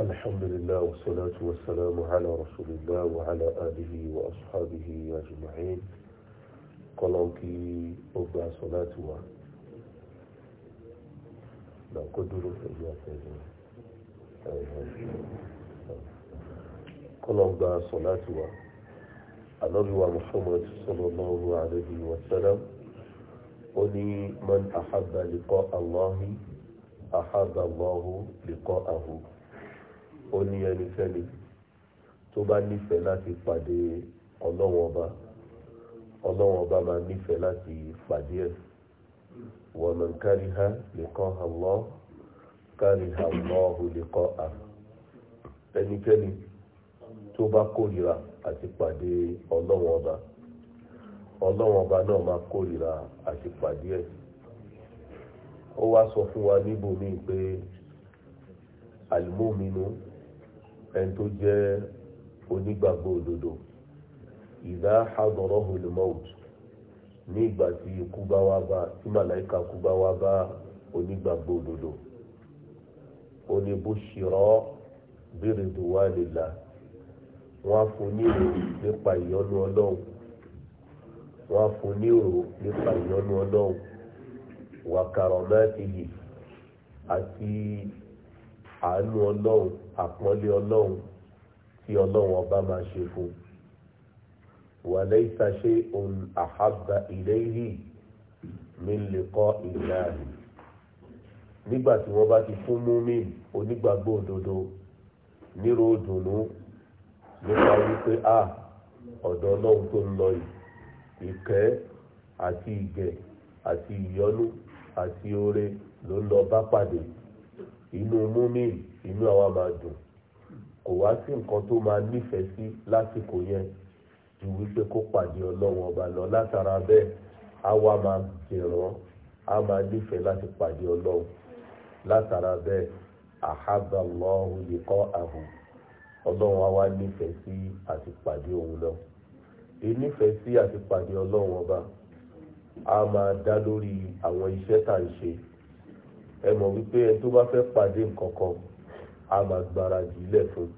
الحمد لله والصلاة والسلام على رسول الله وعلى آله وأصحابه أجمعين kọlọ́n kí ó gba aṣọ láti wá náà kó dúró pẹ̀lú àtẹ̀lẹ́ kọlọ́n gba aṣọ láti wá alọ́bíwá muhammad sallallahu alayhi wa sallam ó ní man ahabba liqa allahi ahabba allahu liqa'ahu. ó ní ẹnikẹ́ni tó bá nífẹ̀ẹ́ láti pàdé ọlọ́wọ́n ọba ọlọ́wọ́n ọba máa nífẹ̀ẹ́ láti pàdé ẹ̀ wa man kariha liqa'a Allah kariha Allahu liqa'ah ẹnikẹ́ni tó bá kórìíra àti pàdé ọlọ́wọ́n ọba ọlọ́wọ́n ọba náà máa kórìíra àti pàdé ẹ̀ ó wá sọ fún wa níbòmíì pé ẹni tó jẹ́ onígbàgbọ́ òdodo ìdá hadarahu al-maut ní ìgbà tí ikú bá wá bá tí màláìka kú bá wá bá onígbàgbọ́ òdodo oníbùsírọ biridwanillah wọ́n á fún ní ìrò nípa ìyọ́nú Ọlọ́run wọ́n á fún ní ìrò nípa ìyọ́nú Ọlọ́run wa karamatihi àti àánú ọlọ́run àpọ́nlé ọlọ́run tí ọlọ́run ọba máa ṣe fún wàlẹ́ ìtàṣe òun àhábà ìlẹ́yìí mi lè kọ́ ìlà nígbà tí wọ́n bá ti fún múmi onígbàgbọ́ òdodo nírò òdùnnú nípa wípé a ọ̀dọ̀ ọlọ́run tó ń lọ ìkẹ́ àti ìgẹ̀ àti àti oore ló lọ bá pàdé inú múmin inú àwa máa dùn kò wá sí nǹkan tó máa nífẹ̀ẹ́ sí lásìkò yẹn ju wípé kó pàdé ọlọ́run ọba lọ látara bẹ́ẹ̀ á wá máa jẹ̀rán á máa nífẹ̀ẹ́ láti pàdé ọlọ́run látara bẹ́ẹ̀ àhábà lọ́hùn nìkan àhù ọlọ́run á wá nífẹ̀ẹ́ sí àti pàdé òun lọ ìnífẹ̀ẹ́ sí àti pàdé ọlọ́run ọba á máa dá lórí àwọn iṣẹ́ tá à ń ṣe ẹ mọ̀ wípé ẹni tó bá fẹ́ pàdé nǹkan kan a máa gbáradì ilẹ̀ fún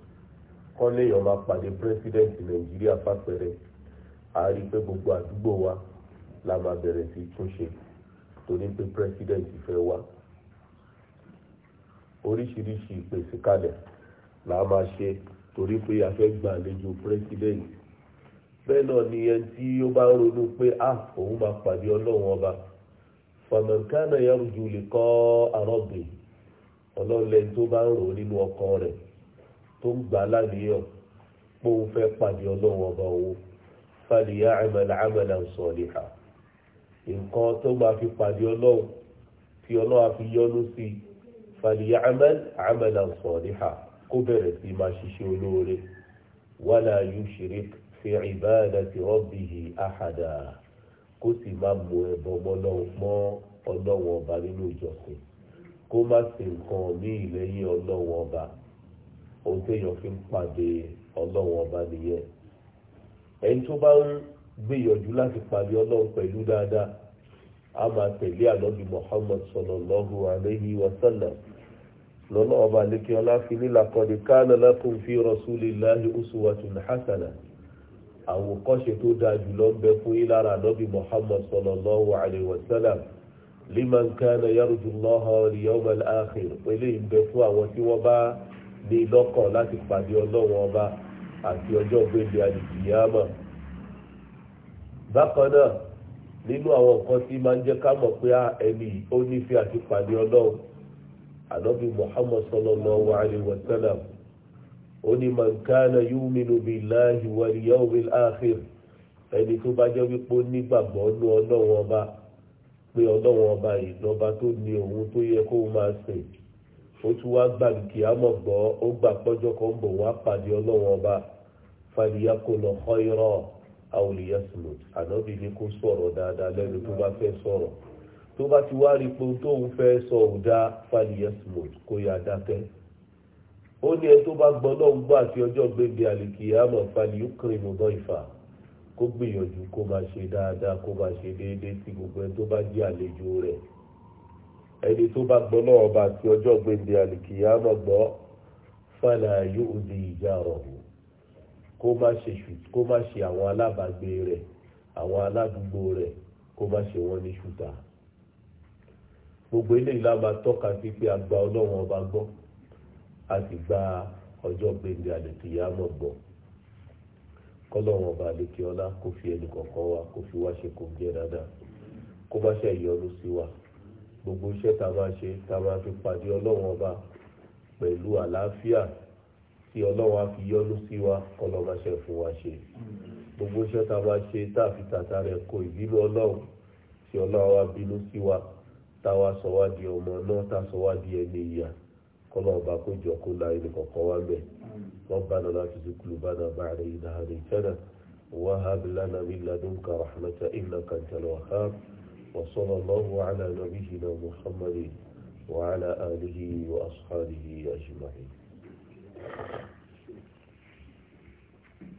kán léèyàn máa pàdé president nàìjíríà fàpẹrẹ a rí pé gbogbo àdúgbò wa la máa bẹ̀rẹ̀ sí túnṣe torí pé president fẹ́ wá oríṣiríṣi ìpèsè kalẹ̀ la máa ṣe torí pé a fẹ́ gba àlejò president bẹ́ẹ̀ náà ni ẹni tí ó bá ronú pé a ah, òun máa pàdé ọlọ́run ọba fàmọ̀nkánà yarju liqa rabbi ọlọ́lẹ́ni tó bá ń rò nínú ọkàn rẹ̀ tó ń gbà láníyàn pé òun fẹ́ pàdé ọlọ́run ọba owó falya'mal 'amalan saliha nǹkan tó máa fi pàdé ọlọ́run tí ọlọ́run fi yọ́nú sí falya'mal 'amalan saliha kó bẹ̀rẹ̀ sí máa ṣiṣẹ́ olóore wala yushrik fi ibadati rabbihi ahada kó sì má mú ẹbọ mọ́ ọlọ́wọ́n ọba nínú ìjọsìn kó má ṣe nǹkan míì lẹ́yìn ọlọ́wọ́n ọba ohun téèyàn fi ń pàdé ọlọ́wọ́n ọba nìyẹn ẹni tó bá ń gbìyànjú láti pàdé ọlọ́run pẹ̀lú dáadáa a máa tẹ̀lé ànábì Muhammad sallallahu alayhi wa sallam lọ́nà ọba lẹ́kẹ́ ọlá fi ní laqad kana lakum fi rasulillahi uswatun hasana àwòkọ́ṣe tó dáa jùlọ ń bẹ fún yín lára ànábì muhammad sallallahu alayhi wa sallam liman kana yarju allaha wal yawmal akhir eléyìí ń bẹ fún àwọn tí wọ́n bá ní lọ́kàn láti pàdé ọlọ́wọ́n ọba àti ọjọ́ gbélé alìkìyàmọ̀ bákan náà nínú àwọn nǹkan tí máa ń jẹ́ ká mọ̀ pé ẹni ó nífẹ̀ẹ́ àti pàdé ọlọ́run ànábì muhammad sallallahu alayhi wa sallam ó ní mankana yuminu billahi wal yawmil akhir ẹni tó bá jẹ́ wípé ó nígbàgbọ́ nú ọlọ́run ọba pé ọlọ́run ọba ìjọba tó ní òun tó yẹ kó máa sìn ó tún wá gbà kí á mọ̀ gbọ́ ó gbà pọ́jọ́ kan bò wá pàdé ọlọ́run ọba faliyakolo khayra awoliyasmut ànábì ní kó sọ̀rọ̀ dáadáa lẹ́nu tó bá fẹ́ sọ̀rọ̀ tó bá ti wá rí pé tóun fẹ́ sọ ò dáa faliyasmut kó yá dákẹ́. ó ní ẹni tó bá gbọ́ náà ń gbọ́ àti ọjọ́ gbégbé àlìkìyàmọ̀ falyukrim dayfa kó gbìyànjú kó máa ṣe dáadáa kó máa ṣe déédéé sí gbogbo ẹni bá jẹ́ àlejò rẹ̀ ẹni tó bá gbọ́ náà ọba àti ọjọ́ gbọ́ kó ṣe kó ṣe àwọn rẹ̀ àwọn aládùúgbò rẹ̀ kó ṣe wọ́n ní ṣùtà gbogbo eléyìí lá ma a gba ọba gbọ. a sì gba ọjọ́ gbẹ̀ndẹ̀ àlùkìyàmọ̀ gbọ́ kọ́lọ́wọ́n ọba àlekè ọlá kó fi ẹnì kọ̀ọ̀kan wa kó fi wá ṣe kó jẹ́ dáadáa kó bá ṣe ìyọnu sí wa gbogbo iṣẹ́ tá a máa ṣe tá a máa fi pàdé ọlọ́wọ́n ọba pẹ̀lú àlàáfíà tí ọlọ́wọ́n á fi yọnu sí wa kọ́lọ́ máa ṣe fún wa ṣe gbogbo iṣẹ́ tá a máa ṣe tá a fi tàta rẹ̀ kó ìbínú ọlọ́run tí ọlọ́wọ́n á bínú sí wa tá a wá sọ wá di ọmọ náà tá a sọ wá di ẹni ìyà kọ́lọ́ ọba kó jọ kó la ilé kọ̀ọ̀kan wá lẹ̀ rabbana la tuzigh qulubana ba'da idh hadaytana wa hab lana min ladunka rahmatan innaka antal wahhab wa sallallahu ala nabiyyina muhammadin wa ala alihi wa ashabihi ajma'in.